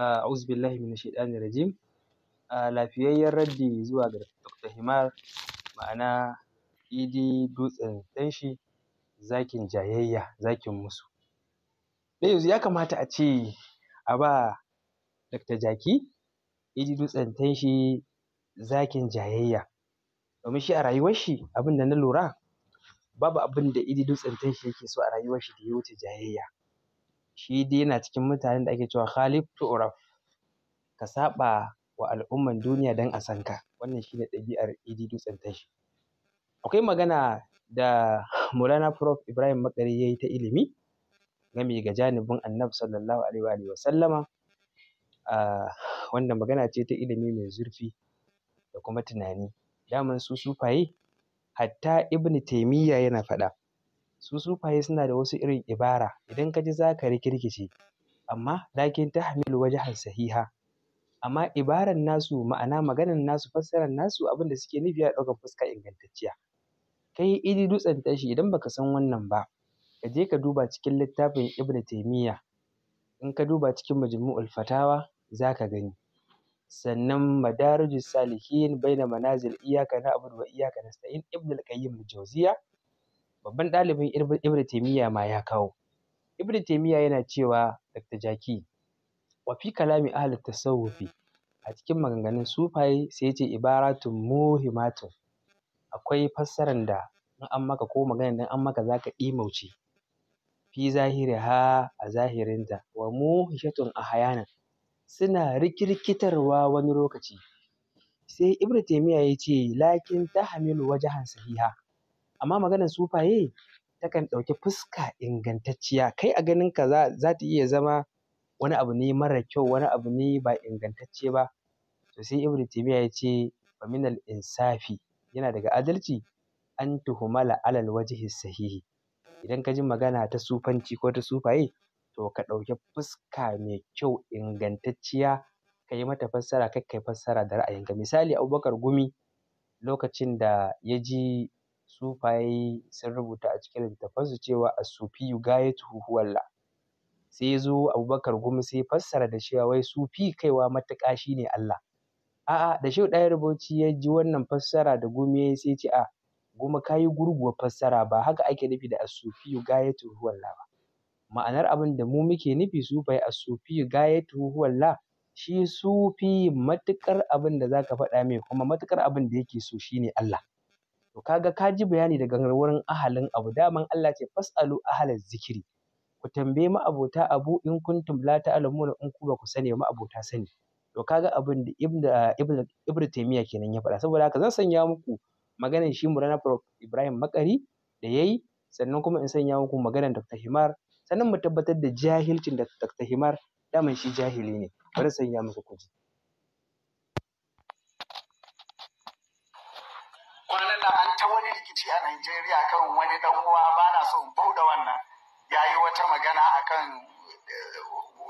a'udhu billahi minash shaitani rajim lafiyayyen raddi zuwa ga Dr. Himar ma'ana idi dutsen danshi zakin jayayya zakin musu da yanzu ya kamata a ce a ba Dr. Jaki idi dutsen tanshi zakin jayayya domin shi a rayuwar shi abin da na lura babu abin da idi dutsen tanshi yake so a rayuwar shi da ya wuce jayayya shi dai yana cikin mutanen da ake cewa khalif tu'raf ka saɓa wa al'umman duniya don a san ka wannan shine ɗabi'ar idi dutsen tashi akwai magana da Maulana Prof Ibrahim Makari ya yi ta ilimi game ga janibin Annabi sallallahu alaihi wa sallama wanda magana ce ta ilimi mai zurfi da kuma tunani daman su sufaye hatta Ibn Taimiyya yana faɗa su sufaye suna da wasu irin ibara idan ka ji za ka rikirkice amma lakin ta hamilu wajahan sahiha amma ibaran nasu ma'ana maganan nasu fassarar nasu abin da suke nufi a ɗaukar fuska ingantacciya kai idi dutsen tashi idan baka san wannan ba ka je ka duba cikin littafin ibn taimiyya in ka duba cikin majmu'ul fatawa za ka gani sannan madarijus salihin baina manazil iyaka na abudu wa iyaka nasta'in ibn al-qayyim al-jawziya babban ɗalibin ibn taimiyya ma ya kawo ibn taimiyya yana cewa dr jaki wa fi kalami ahli tasawufi a cikin maganganun sufaye sai ya ce ibaratun muhimatun akwai fassaran da in an maka ko maganar da an maka zaka imauce fi zahiri ha a zahirinta wa muhishatun a hayanan suna rikirkitarwa wani lokaci sai ibn taimiyya ya ce lakin ta hamilu wajahan sahiha amma maganar sufaye takan ɗauki fuska ingantacciya kai a ganin ka za ta iya zama wani abu ne mara kyau wani abu ne ba ingantacce ba to sai ibnu taymiya ya ce fa minal insafi yana daga adalci an tuhumala alal wajhi sahihi idan ka ji magana ta sufanci ko ta sufaye to ka ɗauki fuska mai kyau ingantacciya ka yi mata fassara kai ka yi fassara da ra'ayinka misali abubakar gumi lokacin da ya ji sufaye sun rubuta a cikin littattafansu cewa as-sufiyu gayatuhu huwallah sai ya zo abubakar gumi sai ya fassara da cewa wai sufi kaiwa matuƙa shine Allah a'a da shehu ɗaya rubuci ya ji wannan fassara da gumi ya sai ce a ah, gumi kayi gurguwar fassara ba haka ake nufi da asufi sufiyu gayatuhu huwallah ba ma'anar abin da mu muke nufi sufaye as-sufiyu gayatuhu huwallah shi sufi matuƙar abin da zaka faɗa mai kuma matuƙar abin da yake so shine Allah to kaga ka ji bayani daga wurin ahalin abu daman Allah ce fasalu ahalin zikiri ku tambaye ma'abota abu in kuntum la ta'lamuna in ku ba ku sani ma'abota sani to kaga abin da ibnu taymiya kenan ya faɗa saboda haka zan sanya muku maganar shi murana ibrahim makari da yayi sannan kuma in sanya muku maganar dr himar sannan mu tabbatar da jahilcin da dr himar daman shi jahili ne bari sanya muku kuji rikici a Najeriya kan wani dan uwa ba na so bau da wannan ya yi wata magana akan eh,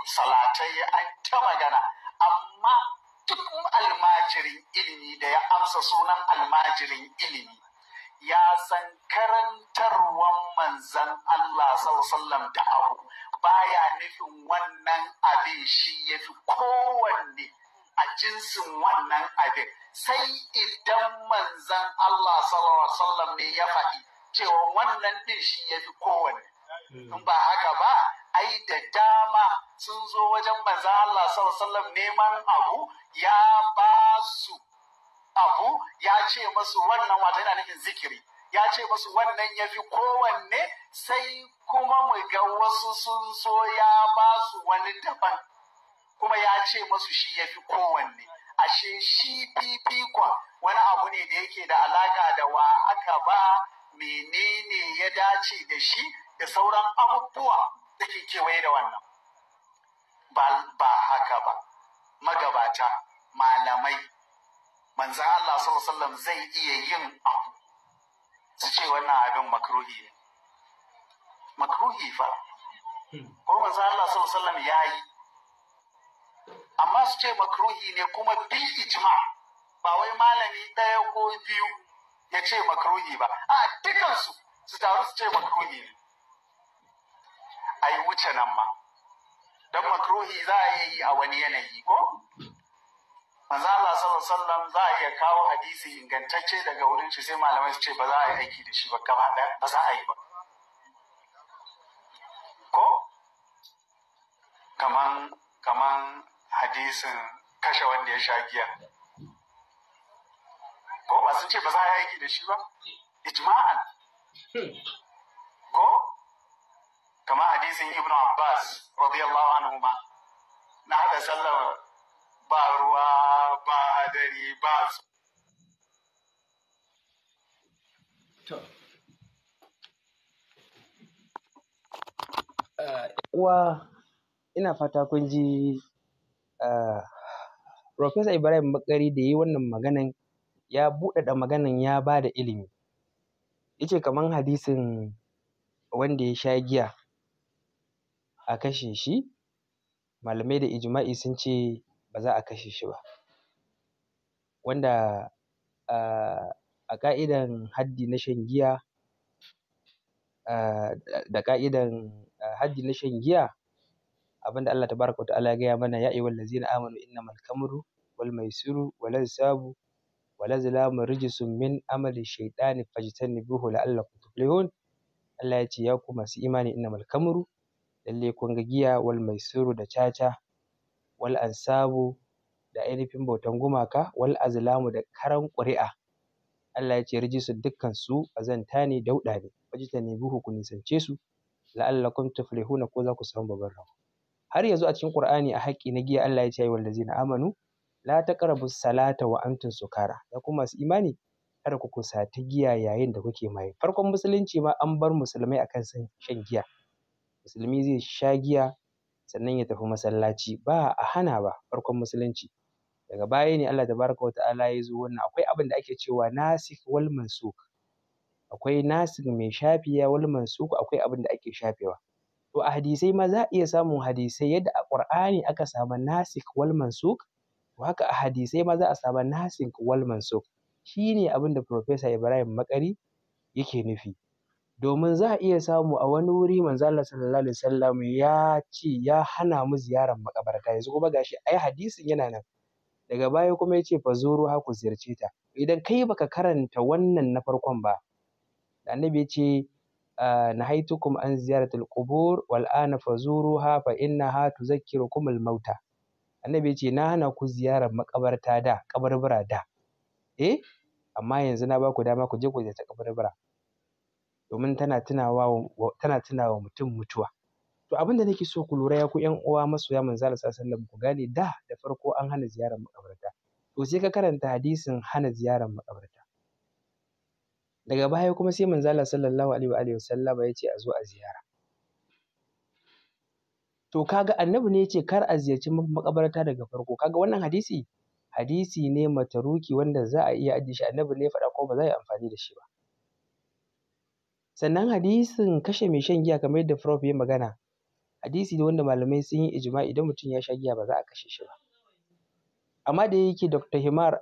salatai an ta magana amma duk almajirin ilimi da ya amsa sunan almajirin ilimi ya san karantarwan manzan Allah sallallahu da abu baya nufin wannan abin shi ya fi kowanne a jinsin wannan abin sai idan manzan Allah sallallahu ne ya faɗi cewa wannan ɗin shi ya fi kowanne hmm. in ba haka ba ai da dama sun zo wajen manzan Allah sallallahu neman abu ya ba su abu ya ce masu wannan wata yana nufin zikiri ya ce masu wannan ya fi kowanne sai kuma mu ga wasu sun zo ya ba su wani daban kuma ya ce masu shi ya fi kowanne ashe shi fifikon wani abu ne da yake da alaka da wa aka ba menene ya dace da shi da sauran abubuwa da ke kewaye da wannan ba haka ba magabata malamai manzan Allah sallallahu zai iya yin abu su ce wannan abin makruhi ne makruhi fa hmm. ko manzan Allah sallallahu ya yi amma su ce makruhi ne kuma bin ijma ba wai malami ɗaya ko biyu ya ce makruhi ba a dukansu su taru su ce makruhi ne a yi wuce nan ma don makruhi za a yi a wani yanayi ko manzo Allah sallallahu alaihi za a iya kawo hadisi ingantacce daga wurin shi sai malamai su ce ba za a yi aiki da shi ba gaba ɗaya ba za a yi ba ko kaman kaman hadisin kashe wanda ya sha giya ko ba sun ce ba za a aiki da shi ba ijma'an ko kamar hadisin ibnu abbas radiyallahu anhu ma na hada sallar ba ruwa ba hadari ba su uwa eh, ina fata kun ji Ah, Profesa Ibrahim Bakari da yayi wannan maganan ya buɗaɗa maganan ya ba da ilimi. Ya ce kamar hadisin wanda ya sha giya a kashe shi, malamai da ijma'i sun ce ba za a kashe shi ba. Wanda ah, a ƙa'idan haddi na shan giya ah, da ƙa'idan haddi na shan giya da Allah tabaraka ta'ala ya gaya mana ya ayyuhal ladzina amanu innamal kamru wal maisiru wal ansabu wal azlamu rijsun min amali shaytani fajtanibuhu la'allakum tuflihun Allah ya ce ya ku masu imani innamal kamru lalle kun ga giya wal maisiru da caca wal ansabu da ainihin bautan gumaka wal azlamu da karan ƙuri'a Allah ya ce rijisu dukkan su azanta ne dauɗa ne fajtanibuhu ku nisance su la'allakum tuflihuna ko za ku samu babban rabo har yanzu a cikin Qur'ani a haƙƙi na giya Allah ya ce ayyuhal ladzina amanu la taqrabu salata wa antum sukara ya kuma masu imani kada ku kusaci giya yayin da kuke maye farkon musulunci ma an bar musulmai akan shan giya musulmi zai sha giya sannan ya tafi masallaci ba a hana ba farkon musulunci daga baya ne Allah tabaraka wa ta'ala ya zo wannan akwai abin da ake cewa nasikh wal mansukh akwai nasikh mai shafiya wal mansukh akwai abin da ake shafewa To a hadisai ma za a iya samun hadisai yadda a Ƙur'ani aka samu nasik wal mansuk to haka a hadisai ma za a samu nasik wal mansuk shi ne abin da Profesa Ibrahim Makari yake nufi. Domin za a iya samu a wani wuri manzo Allah sallallahu alaihi wasallam ya ce ya hana mu ziyarar makabarta yanzu kuma gashi ai hadisin yana nan daga baya kuma yace ce fa zuru ha ku ziyarce ta idan kai baka karanta wannan na farkon ba annabi ya ce نهيتكم عن زيارة القبور والآن فزوروها فإنها تذكركم الموتى Mauta. ya ce na hana ku ziyarar makabarta da kabarbura da eh amma yanzu na baku dama ku je ku ziyarci kabarbura domin tana tuna wa mutum mutuwa to abinda da nake so ku lura ya ku ƴan uwa masoya manzo Allah sallallahu alaihi wasallam ku gane da da farko an hana ziyarar makabarta to sai ka karanta hadisin hana ziyarar makabarta daga baya kuma sai manzala sallallahu alaihi wa ya ce a zo a ziyara to kaga annabi ne ya kar a ziyarci makabarta daga farko kaga wannan hadisi hadisi ne mataruki wanda za a iya ajiye shi annabi ne ya faɗa ko ba za a yi amfani da shi ba sannan hadisin kashe mai shan giya kamar yadda prof ya magana hadisi ne wanda malamai sun yi ijma idan mutum ya sha giya ba za a kashe shi ba amma da yake dr himar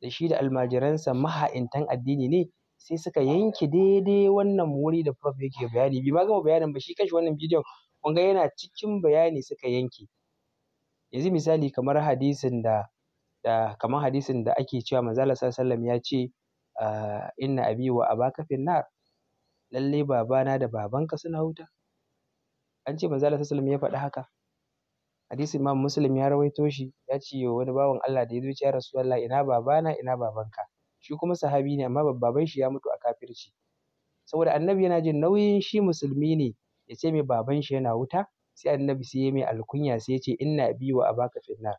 da shi da almajiransa maha'intan addini ne sai suka yanke daidai wannan wuri da prof yake bayani bai ma gama bayanin ba shi kanshi wannan bidiyon kun ga yana cikin bayani suka yanke yanzu misali kamar hadisin da da kamar hadisin da ake cewa manzo Allah sallallahu ya ce ah, inna abi wa abaka finnar lalle babana da babanka suna wuta an ce manzo Allah sallallahu ya faɗi haka hadisin imam muslim ya rawaito shi ya ce wani bawan Allah da ya zo ya rasu Allah ina babana ina babanka shi kuma sahabi ne amma babban shi ya mutu a kafirci saboda annabi yana jin nauyin shi musulmi ne ya ce mai baban shi yana wuta sai annabi sai ya mai alkunya sai ya ce inna bi wa abaka na.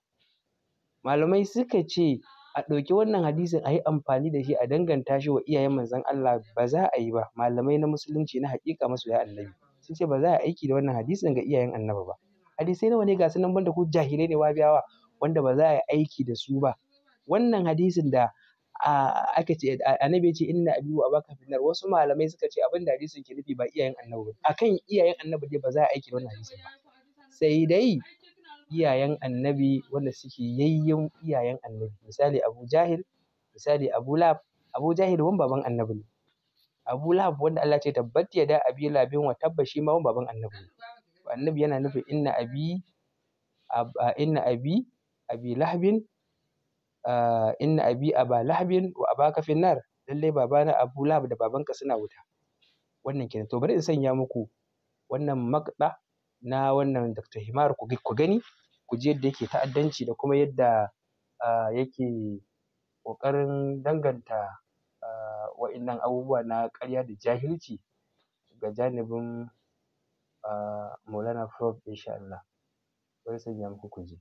malamai suka ce a ɗauki wannan hadisin a yi amfani da shi a danganta shi wa iyayen manzon Allah ba za a yi ba malamai na musulunci na haƙiƙa masoya annabi sun ce ba za a aiki da wannan hadisin ga iyayen annabi ba hadisai nawa ne ga sunan banda ku jahilai ne wabiyawa wanda ba za a yi aiki da su ba wannan hadisin da aka ce annabi ya ce inna abi wa abaka finnar wasu malamai suka ce abin da hadisin ke nufi ba iyayen annabi ba akan iyayen annabi dai ba za a aiki da wannan hadisin ba sai dai iyayen annabi wanda suke yayyan iyayen annabi misali abu jahil misali abu lab abu jahil wani baban annabi ne abu lab wanda Allah ce tabbat ya da abi labin wa tabba shi ma wani baban annabi ne annabi yana nufin inna abi inna abi abi lahabin Ah, inna abi aba lahabin wa abaka finnar lallai babana abu lahab da babanka suna wuta wannan kenan to bari in sanya muku wannan makɗa na wannan dr himar ku gani ku ji yadda yake ta'addanci da kuma yadda ah, yake ƙoƙarin danganta ah, wa'innan abubuwa na ƙarya da jahilci ga janibin maulana prof insha Allah bari sanya muku ku ji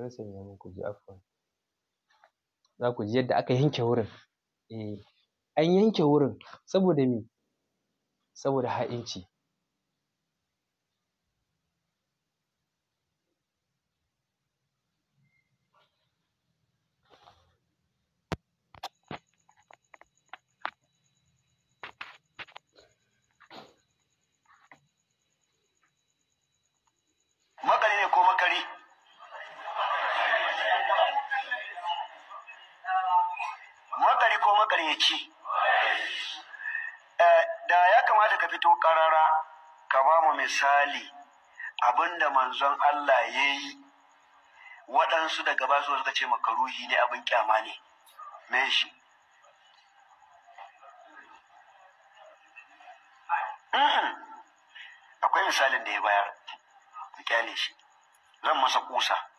bari sanya muku ji za ku ji yadda aka yanke wurin eh an yanke wurin saboda me saboda ha'inci makaryaci eh, da ya kamata ka fito karara ka ba mu misali abinda manzon Allah ya yi waɗansu daga ba su suka ce makaruhi ne abin kyama ne shi akwai misalin da ya bayar ƙyale kyale shi zan masa kusa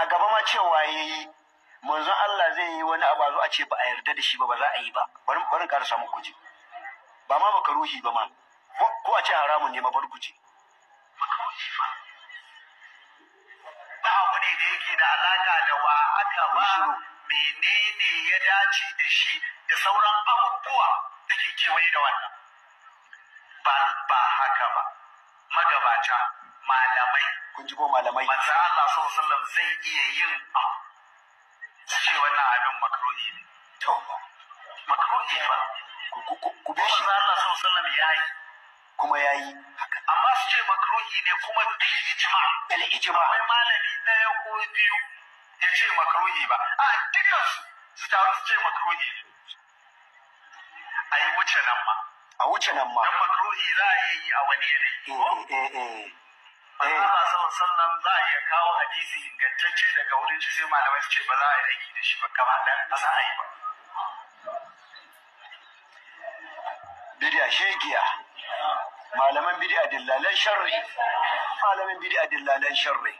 a gaba ma cewa ya yi manzon Allah zai yi wani abu a zo a ce ba a yarda da shi ba ba za a yi ba bari bari ƙara muku ji ba ma baka ruhi ba ma ko a ce haramun ne ma bar kuji ba abu ne da yake da alaka da wa aka ba menene ya dace da shi da sauran abubuwa da ke kewaye da wannan ba haka ba magabata malamai kun ji ko malamai manzo Allah sallallahu alaihi wasallam zai iya yin abu ce wannan abin makruhi ne to makruhi ba ku ku ku manzo Allah sallallahu alaihi wasallam yayi kuma yayi haka amma su ce makruhi ne kuma bil ijma bil ijma wai malami da ya ko biyu ya ce makruhi ba a dukkan su su taru su ce makruhi ne ai wuce nan ma a wuce nan ma dan makruhi za a yi a wani yanayi eh, eh, eh, Allah sama sallan za a iya kawo hadisi ingantacce daga wurin shi sai malamai su ce ba za a yi aiki da shi ba kama ɗan ba za a yi ba bidiya shegiya malaman bidiya dillalan sharri malamin bidiya dillalan sharri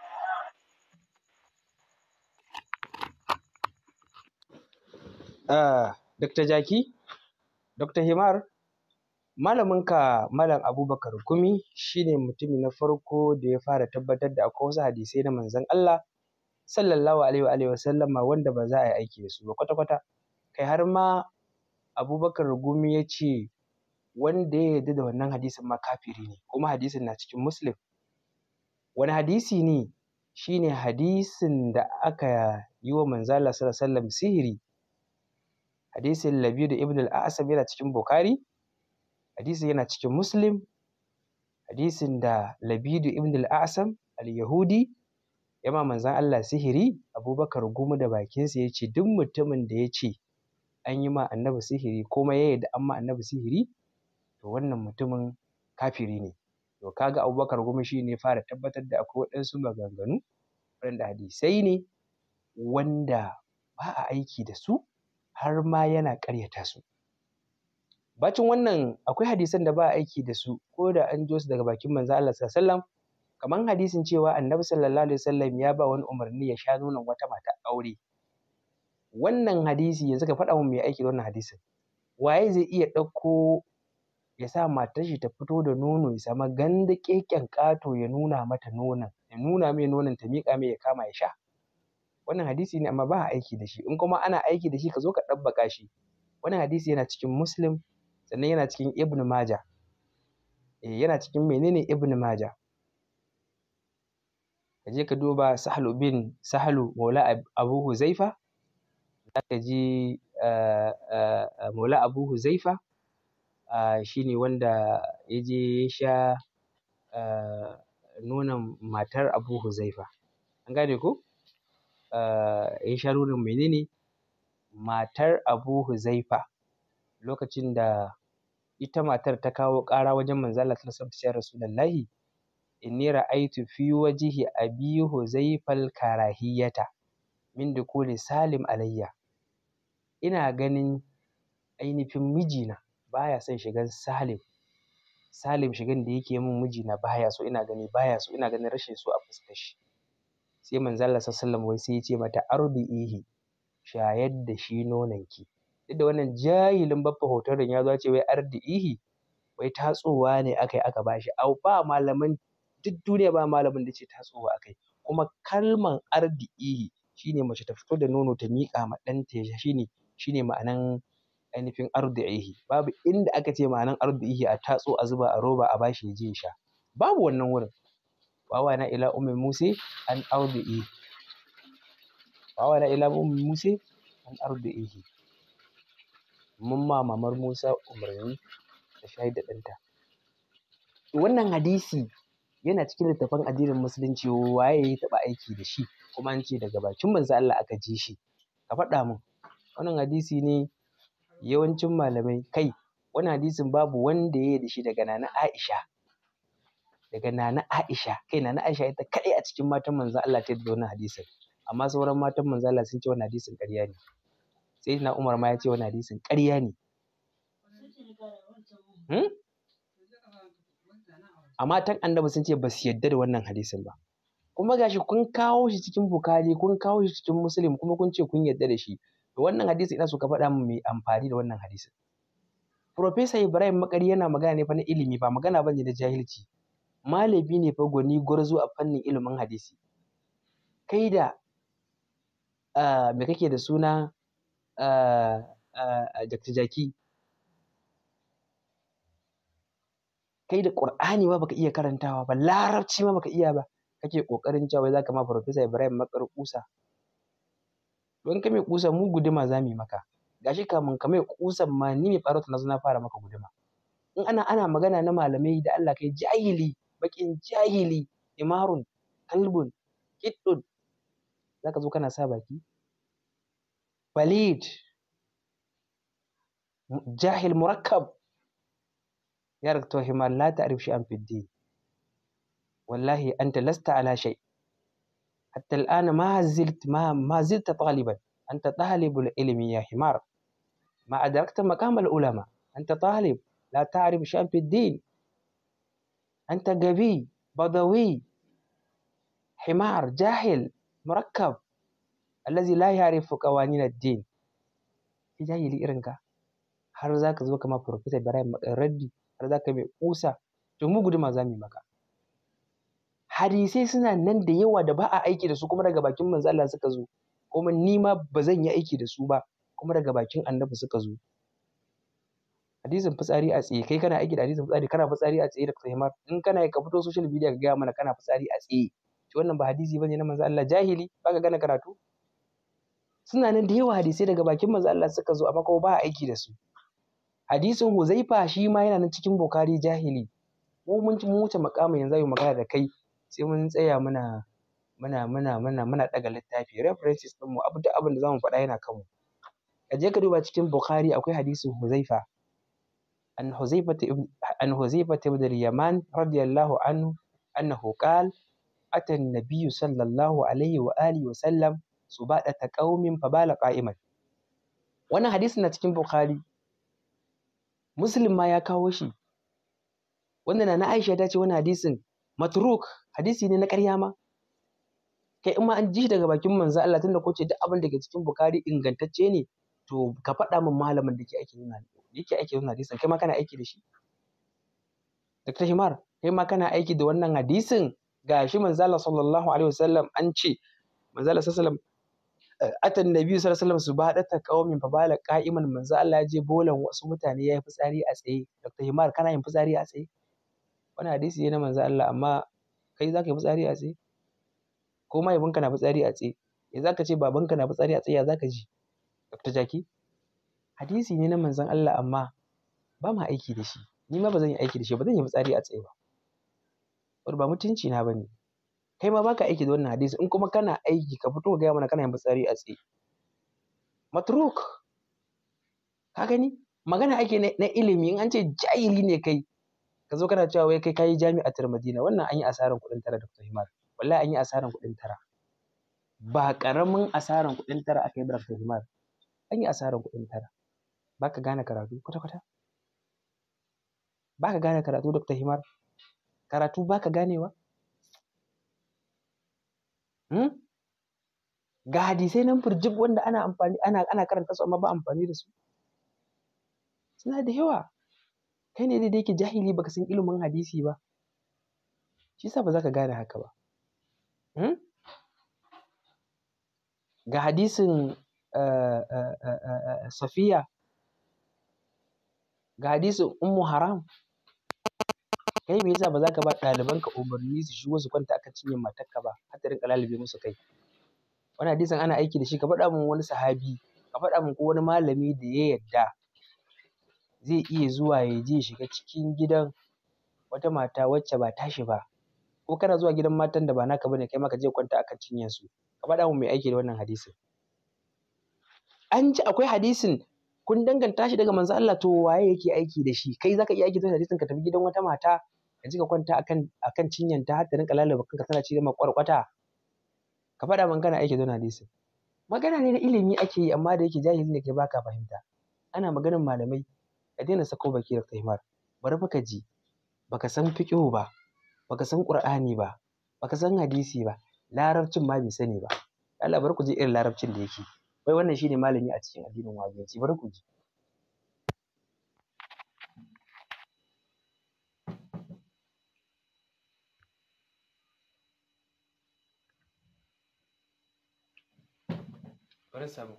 Uh, ah, Dr. Jaki, Dr. Himar, malaminka malam abubakar gumi shine mutumi na farko da ya fara tabbatar da akwai wasu hadisai na manzon Allah sallallahu alaihi wa sallama wanda ba za a yi aiki da su ba kwata-kwata kai har ma abubakar gumi ya ce wanda ya yarda da wannan hadisin ma kafiri ne kuma hadisin na cikin muslim wani hadisi ne shine hadisin da aka yi wa Allah sallallahu alaihi sihiri hadisin da ibn al-asam yana cikin bukhari hadisin yana cikin muslim hadisin da labidu ibn al-asam al-yahudi ya ma manzan Allah sihiri abubakar gumu da bakinsa ya ce duk mutumin da ya ce an yi ma annabi sihiri kuma ya yarda an ma annabi sihiri to wannan mutumin kafiri ne to kaga abubakar gumu shi ne fara tabbatar da akwai waɗansu maganganu waɗanda hadisai ne wanda ba a aiki da su har ma yana ƙaryata su bacin wannan akwai hadisan da ba a aiki da su ko da an jo su daga bakin manzo Allah sallallahu alaihi wasallam kaman hadisin cewa annabi sallallahu alaihi wasallam ya ba wani umarni ya sha nonon wata mata aure wannan hadisi yanzu ka faɗa mun mai aiki da wannan hadisin waye zai iya ɗauko ya sa matar shi ta fito da nono ya sama ganda keken ƙato ya nuna mata nonon ya nuna mai nonon ta miƙa mai ya kama ya sha wannan hadisi ne amma ba a aiki da shi in kuma ana aiki da shi ka zo ka ɗabbaka shi wannan hadisi yana cikin muslim sannan yana cikin ibn maja eh yana cikin menene ibn maja ka je ka duba sahalu bin sahalu Mawla abu huzaifa za ka ji eh, eh, mawla abu huzaifa eh, shine wanda ya je ya sha nonon matar abu huzaifa an gane ko ya sha nonon menene matar abu huzaifa lokacin da ita matar ta kawo ƙara wajen manzo Allah sallallahu alaihi rasulullahi inni ra'aitu fi wajhi abi huzaifal karahiyata min dukuli salim alayya ina ganin ainihin mijina baya son shigan salim salim shigan da yake min mijina baya so ina gani baya so ina ganin rashin so a fuskar shi sai manzo Allah sallallahu alaihi wasallam sai ya ce mata arbi'ihi shayar da shi ki. duk da wannan jahilin baffa hoton ya zo ce wai ardi'ihi wai tatsowa ne aka yi aka bashi au ba malamin duk duniya ba malamin da ce tatsowa aka yi kuma kalman ardi'ihi shine mace ta fito da nono ta miƙa ma ɗanta ya shine shine ma'anan ainihin ardi'ihi babu inda aka ce ma'anan ardi'ihi a tatso a zuba a roba a bashi ya je ya sha babu wannan wurin wawa na ila ummi Musa an ardi'ihi wawa na ila ummi musi an ardi'ihi mun ma mamar Musa umarni ta shayar da ɗanta. Wannan hadisi yana cikin littafan addinin musulunci waye ya taɓa aiki da shi kuma an ce daga bakin manzo Allah aka ji shi ka faɗa min wannan hadisi ne yawancin malamai kai wannan hadisin babu wanda ya yi da shi daga nana Aisha daga nana Aisha kai nana Aisha ita kaɗai a cikin matan manzo Allah ta yi da wannan hadisin amma sauran matan manzo Allah sun ce wannan hadisin ƙarya ne sai na umar ma ya ce wani hadisin ƙarya ne hmm? amma tan annabi sun ce ba su yadda da wannan hadisin ba kuma gashi kun kawo shi cikin bukari kun kawo shi cikin muslim kuma kun ce kun yadda da shi to wannan hadisi ina so ka faɗa min mai amfani da wannan hadisin professor Ibrahim Makari yana magana ne fa na ilimi ba magana ne na jahilci malami ne fa gwani gwarzo a fannin ilimin hadisi kai da ah, me kake da suna Dr. Jaki kai da ƙur'ani ba baka iya karantawa ba larabci ma baka iya ba kake kokarin cewa za ka ma farfesa Ibrahim Makar Kusa don ka mai kusa mu guduma za mu yi maka gashi kamun ka mai kusan ma ni mai farauta na zo fara maka guduma in ana ana magana na malamai da Allah kai jahili bakin jahili imarun kalbun kiddun ka zo kana sa baki وليد جاهل مركب يا رجل توهما لا تعرف شيئا في الدين والله أنت لست على شيء حتى الآن ما زلت ما, ما زلت طالبا أنت طالب العلم يا حمار ما أدركت مقام العلماء أنت طالب لا تعرف شيئا في الدين أنت غبي بدوي حمار جاهل مركب allazi la ya'rifu qawanin ad-din ki jahili irin ka har za ka zo kama professor Ibrahim Raddi har za mai kusa to mu guduma za mu maka hadisai suna nan da yawa da ba a aiki da su kuma daga bakin manzo Allah suka zo kuma ni ma ba zan yi aiki da su ba kuma daga bakin annabi suka zo hadisin fitsari a tsaye kai kana aiki da hadisin fitsari kana fitsari a tsaye da sahimar in kana ka fito social media ka gaya mana kana fitsari a tsaye to wannan ba hadisi bane na manzo Allah jahili baka gane karatu suna nan da yawa hadisai daga bakin manzo Allah suka zo amma kuma ba a aiki da su hadisin Huzaifa shi ma yana nan cikin Bukhari jahili mu mun mu wuce makama yanzu ayi magana da kai sai mun tsaya muna muna muna muna muna daga littafi references din mu abu duk abin da zamu faɗa yana kanmu. mu je ka duba cikin Bukhari akwai hadisin Huzaifa an Huzaifa an Huzaifa ibn al-Yaman radiyallahu anhu annahu qala ata an sallallahu alaihi wa alihi wa sallam Su subadata qaumin fa bala qa'iman wannan hadisin na cikin bukhari Musulun ma ya kawo shi wannan na aisha ta ce wani hadisin matruk hadisi ne na ƙarya ma kai in ma an ji shi daga bakin manzo Allah tunda ko ce duk abin da ke cikin bukhari ingantacce ne to ka faɗa min malamin da ke aiki nuna yake aiki nuna hadisin kai ma kana aiki da shi Dr. Himar kai ma kana aiki da wannan hadisin gashi manzo Allah sallallahu alaihi wasallam an ce manzo Allah sallallahu atan nabi sallallahu alaihi wasallam subadata qaumin fa bala qa'iman manzo Allah ya je bolan wasu mutane yayi fitsari a tsaye Dr. Himar kana yin fitsari a tsaye wani hadisi ne na manzo Allah amma kai zaka yi fitsari a tsaye ko mahaifinka na fitsari a tsaye ya zaka ce babanka na fitsari a tsaye ya zaka ji Dr. Jaki hadisi ne na manzon Allah amma ba ma aiki da shi ni ma ba zan yi aiki da shi ba zan yi fitsari a tsaye ba ba mutunci na bane kai ma baka aiki da wannan hadisi in kuma kana aiki ka fito ka gaya mana kana yin fitsari a tsaye matruk ka gani magana ake na ilimi in an ce jahili ne kai ka zo kana cewa wai kai kayi tar madina wannan an yi asaran kuɗin tara da himar wallahi an yi asaran kuɗin tara ba ƙaramin asaran kuɗin tara aka yi bara himar an yi asaran kuɗin tara baka gane karatu kwata-kwata baka gane karatu dr himar karatu baka ganewa Hmm? ga hadisai nan burjib wanda ana amfani ana ana karanta su amma ba amfani da su suna da yawa kai ne dai da yake jahili baka san ilimin hadisi ba shi yasa ba za ka gane haka ba hmm? ga hadisin eh, eh, eh, safiya ga hadisin ummu haram Kai me yasa ba za ka ba ka umarni su shigo su kwanta akan cinyar matarka ba har ta rinka lalube musu kai. Wannan hadisin ana aiki da shi ka faɗa min wani sahabi ka faɗa min ko wani malami da ya yarda zai iya zuwa ya je ya shiga cikin gidan wata mata wacce ba tashi ba ko kana zuwa gidan matan da ba naka bane kai ma ka je kwanta akan cinyar su ka faɗa min mai aiki da wannan hadisin. An ji akwai hadisin kun danganta shi daga manzo Allah to waye yake aiki da shi kai zaka iya aiki da hadisin ka tafi gidan wata mata ka ji ka kwanta akan akan ta har ta rinka lalaba kanka tana ci ma kwarkwata ka fada aiki da hadisin magana ne na ilimi ake yi amma da yake jahili ne kai baka fahimta ana maganar malamai ka daina sako baki da kaimar bari fa ka ji baka san fiqhu ba baka san qur'ani ba baka san hadisi ba larabcin ma bai sani ba Allah bar ku je irin larabcin da yake wai wannan shine malami a cikin addinin wahabiyanci bari ku ji Bari sabo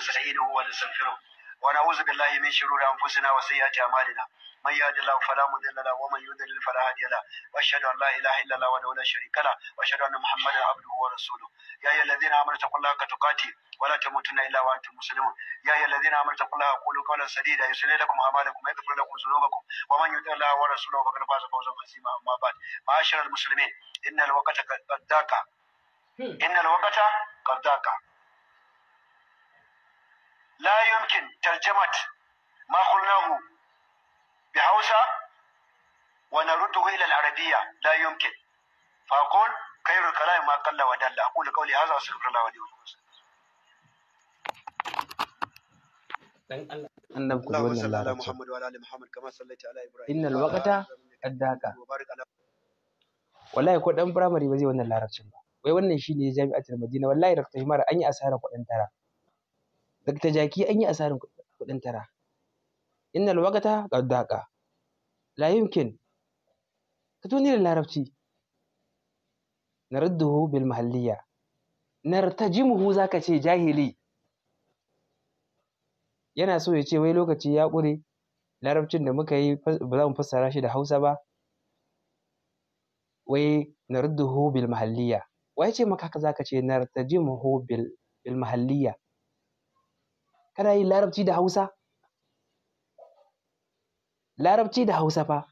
ونستعينه ونستغفره ونعوذ بالله من شرور انفسنا وسيئات اعمالنا من يهد الله فلا مضل له ومن يضلل فلا هادي له واشهد ان لا اله الا الله وحده لا شريك له واشهد ان محمدا عبده ورسوله يا ايها الذين امنوا اتقوا الله حق تقاته ولا تموتن الا وانتم مسلمون يا ايها الذين امنوا اتقوا الله وقولوا قولا سديدا يصلح لكم اعمالكم ويغفر لكم ذنوبكم ومن يطع الله ورسوله فقد فاز فوزا عظيما اما بعد معاشر المسلمين ان الوقت قد ضاق ان الوقت قد ضاق la yumkin tarjamat ma qulnahu bi hausa wa narudduhu ila al-arabiyya la yumkin fa aqul khayru al ma qalla wa dalla aqulu qawli hadha wa astaghfirullah wa lakum dan Allah annabi wannan lalata Muhammad wa ali Muhammad kama sallaita ala Ibrahim ba zai wannan larabcin ba wai wannan shine jami'atul Madina wallahi Dr. Himar an yi asara kuɗin tara Dakta Jaki an yi asarin kuɗin tara. Innal waqata qad daqa. La yumkin. Ka tuni da larabci. Narudduhu bil mahalliya. Nartajimuhu zaka ce jahili. Yana so ya ce wai lokaci ya ƙure larabcin da muka yi ba za mu fassara shi da Hausa ba. Wai narudduhu bil mahalliya. Wai ce maka haka zaka ce nartajimuhu bil mahalliya. kana yin larabci da hausa larabci da hausa fa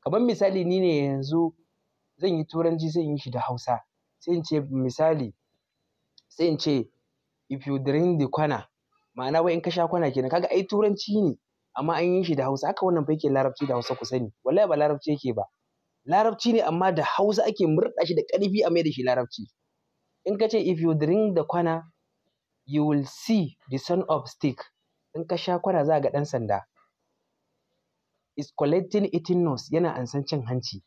kamar misali ni ne yanzu zan yi turanci zan yi shi da hausa sai in ce misali sai in ce if you drink the kwana ma'ana wai in ka sha kwana kenan ga ai turanci ne amma an yi shi da hausa haka wannan fa yake larabci da hausa ku sani wallahi ba larabci yake ba larabci ne amma da hausa ake murɗa shi da ƙarfi a mai da shi larabci in ka ce if you drink the kwana you will see the son of stick in ka sha kwana za ga ɗan sanda is collecting eating nose yana ansan cin hanci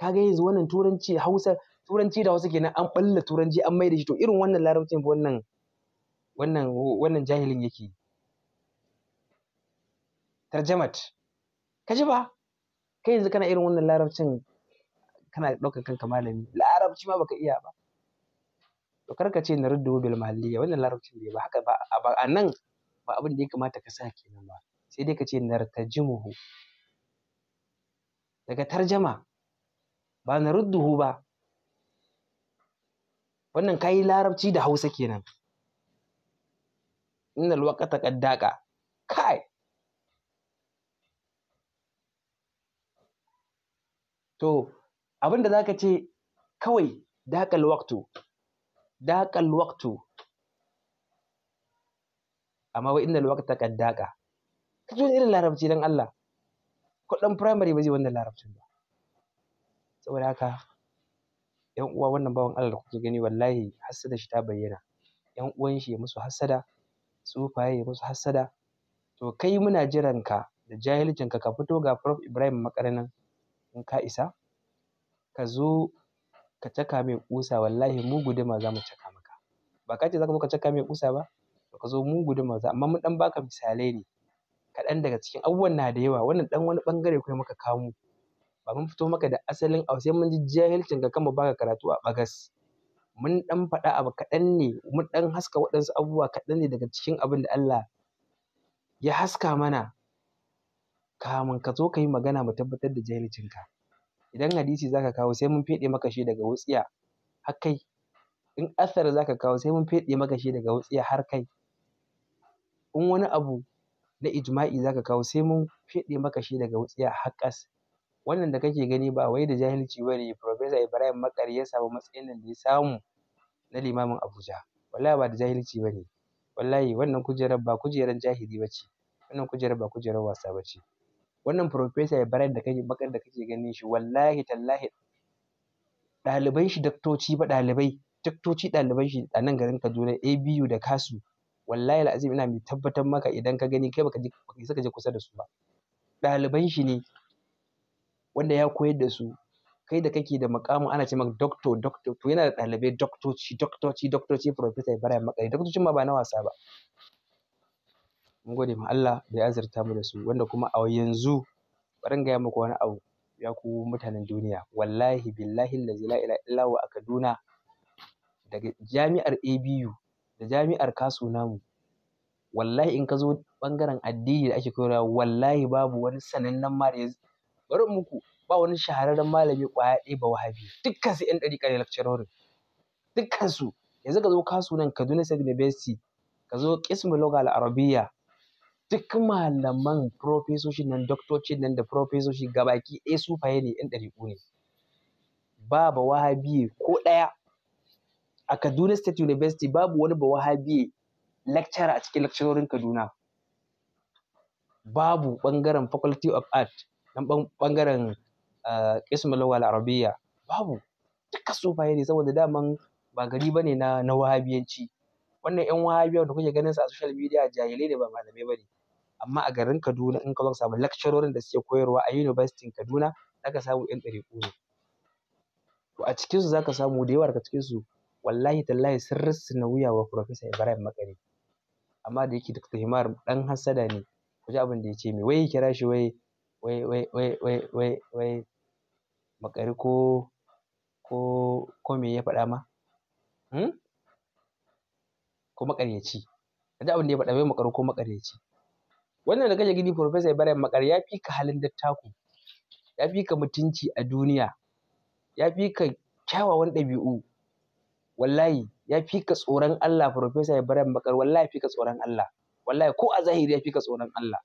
kaga yanzu wannan turanci hausa turanci da hausa kenan an balla turanci an mai da shi to irin wannan larabcin fa wannan wannan wannan jahilin yake tarjamat ka ji ba kai yanzu kana irin wannan larabcin kana ɗaukar kanka malami larabci ma baka iya ba to kar ka ce na ruddu bil mahalliya wannan larabcin bai ba haka ba a nan ba abin da ya kamata ka sa kenan ba sai dai ka ce nartajimuhu daga tarjama ba na rudduhu ba wannan kayi larabci da hausa kenan innal waqata qad kai to abin da zaka ce kawai daƙal waqtu daƙa alwaqtu amma wa inna alwaqta qad daƙa kaji wani irin larabci dan Allah ko dan primary ba zai wannan larabcin ba saboda haka yan uwa wannan bawan Allah da kuke gani wallahi hassada shi ta bayyana yan uwan shi ya musu hassada tsufaye ya musu hassada to kai muna jiran ka da jahilcin ka ka fito ga Prof Ibrahim Makarnin in ka isa ka zo ka caka mai ƙusa wallahi mu guduma za mu caka maka ba ka ce za ka zo ka caka mai ƙusa ba ba ka zo mu guduma za amma mun ɗan baka misalai ne kaɗan daga cikin abubuwan na da yawa wannan ɗan wani ɓangare kuma muka kamu ba mun fito maka da asalin a sai mun ji jahilcin ka kama baka karatu a bagas mun ɗan faɗa abu kaɗan ne mun ɗan haska waɗansu abubuwa kaɗan ne daga cikin abin da Allah ya haska mana kamun ka zo ka yi magana mu tabbatar da jahilcin ka idan hadisi zaka kawo sai mun feɗe maka shi daga wutsiya har kai in asar zaka kawo sai mun feɗe maka shi daga wutsiya har kai in wani abu na ijma'i zaka kawo sai mun feɗe maka shi daga wutsiya har ƙas wannan da kake gani ba wai da jahilci ba ne Ibrahim Makari ya samu matsayin nan da ya samu na limamin Abuja wallahi ba da jahilci ba ne wallahi wannan kujerar ba kujerar jahili ba ce wannan kujerar ba kujerar wasa ba ce wannan professor Ibrahim da kake bakar da kake ganin shi wallahi tallahi ɗaliban shi daktoci ba ɗalibai daktoci ɗaliban shi a nan garin Kaduna ABU da Kasu wallahi al'azim ina mai tabbatar maka idan ka gani kai baka je baka saka je kusa da su ba ɗaliban shi ne wanda ya koyar da su kai da kake da mukamin ana ce maka doctor doctor to yana da ɗalibai doktoci doktoci doktoci professor Ibrahim maka doktocin ma ba na wasa ba mun gode ma Allah da ya azurta mu da su wanda kuma a yanzu bari in gaya muku wani abu ya ku mutanen duniya wallahi billahi lazi la ilaha illa a Kaduna daga jami'ar ABU da jami'ar Kasu namu wallahi in ka zo bangaren addini da ake koyarwa wallahi babu wani sanannen malami bari muku ba wani shahararren malami ƙwaya ɗaya ba wahabi dukkan su ƴan ɗari ne lecturerin dukkan su yanzu ka zo Kasu nan Kaduna State University ka zo kismu Lughal Arabiyya duk malaman profesoshi nan doktocin nan da profesoshi gabaki ɗaya faye ne yan ɗariƙu ne ba wahabi ko ɗaya a kaduna state university babu wani ba wahabi lecturer a cikin lecturerin kaduna babu ɓangaren faculty of art nan ɓangaren ah, ismailawal arabiya babu duka faye ne saboda daman ba gari bane na na wahabiyanci wannan yan wahabiyan da kuke ganin su a social media jahilai ne ba malamai bane amma a garin Kaduna in ka zo ka samu lecturerin da suke koyarwa a University Kaduna zaka samu yan ɗariƙu ne to a cikin su zaka samu da yawa daga cikin su wallahi tallahi sun na wuya wa Professor Ibrahim Makare amma da yake Dr. Himar dan hassada ne ku abin da ya ce me wai kira shi wai wai wai wai wai wai Makari, ko ko ko me ya faɗa ma hmm? ko makaryaci kaji abin da ya faɗa bai makaro ko makaryaci wannan da kake gidi professor Ibrahim Makar ya fi halin dattako ya fi mutunci a duniya ya fi kyawawan ɗabi'u wallahi ya fi tsoron Allah professor Ibrahim makar wallahi fi ka tsoron Allah wallahi ko a zahiri ya fi tsoron Allah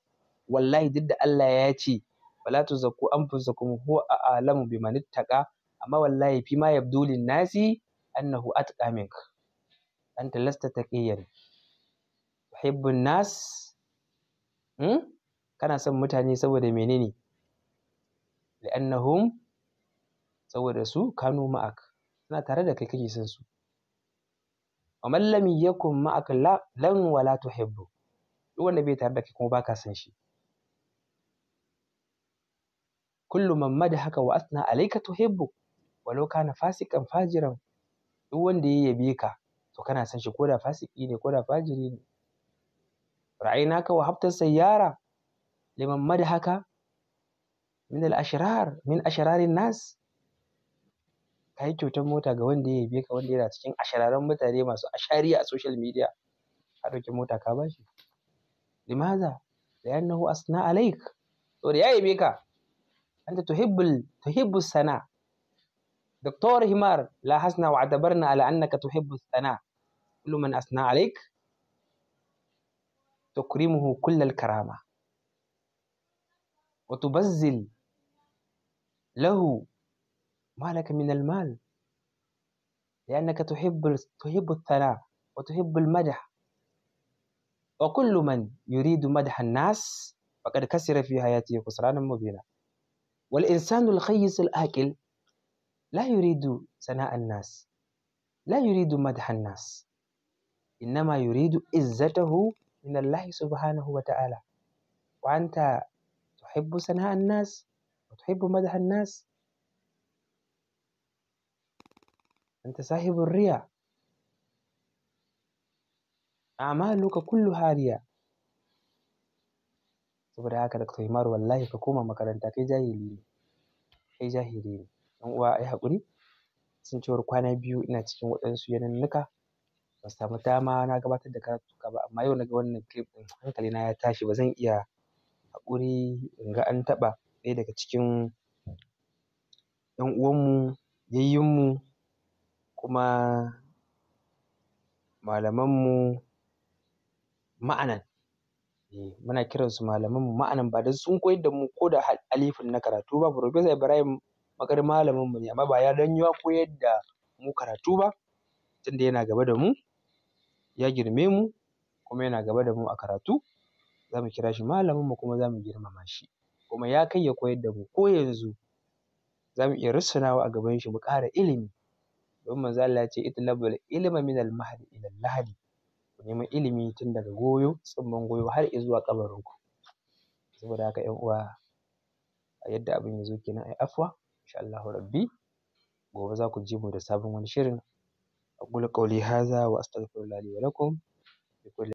wallahi duk da Allah ya ce wala tuzakku anfusakum huwa a'lamu bimanittaka amma wallahi fi ma yabdulin nasi annahu atqa minkum anta lasta taqiyan tuhibbun nas kana son mutane saboda menene li'annahum saboda su kanu ma'ak suna tare da kai kake son su wa man lam yakun ma'ak lan wala tuhibbu duk bai tare da kai kuma baka son shi kullu man madahaka wa asna alayka tuhibbu walau kana fasikan fajiran duk wanda ya yabe ka to kana son shi ko da fasiki ne ko da fajiri ne ra'aynaka wa habta sayyara liman madhaka min al-ashrar min ashrarin nas ka yi kyautar mota ga wanda ya yabe ka wanda yana cikin ashararan mutane masu ashariya a social media ka ɗauki mota ka bashi limaza da yannahu asna alaik saboda ya yabe ka anta tuhibbul tuhibbus sana doktor himar la hasna wa adabarna ala annaka tuhibbus sana كل من أثنى عليك تكرمه كل الكرامة وتبذل له ما لك من المال لأنك تحب تحب الثناء وتحب المدح وكل من يريد مدح الناس فقد كسر في حياته خسرانا مبينا والإنسان الخيس الآكل لا يريد ثناء الناس لا يريد مدح الناس إنما يريد عزته من الله سبحانه وتعالى وأنت تحب ثناء الناس وتحب مدح الناس أنت صاحب الرياء أعمالك كلها رياء saboda haka da Himar wallahi ka koma makaranta kai jahili ne kai jahili ne ɗan uwa ai haƙuri sun cewar kwana biyu ina cikin waɗansu yanannuka ba samu dama na gabatar da ka ba amma yau na ga wannan clip ɗin hankali na ya tashi ba zan iya haƙuri in ga an taɓa ɗaya daga cikin ƴan uwanmu mu kuma malamanmu ma'anan eh, muna kiransu mu ma'anan ba don sun koyar da mu ko da alifin na karatu ba Professor Ibrahim malamin mu ne amma ba ya yi wa koyar da mu karatu ba tunda yana gaba da mu ya girme mu kuma yana gaba da mu a karatu za mu kira shi malamin mu kuma za mu girmama shi kuma ya kai ya koyar da mu ko yanzu za mu iya rusunawa a gaban shi mu ƙara ilimi don manzo Allah ya ce itlabul ilma min al mahdi ila al lahdi ku nemi ilimi tun daga goyo tsumman goyo har zuwa kabarin ku saboda haka ƴan uwa a yadda abin ya zo kenan ai afwa insha Allah rabbi gobe za ku ji mu da sabon wani shirin أقول قولي هذا وأستغفر الله لي ولكم بكل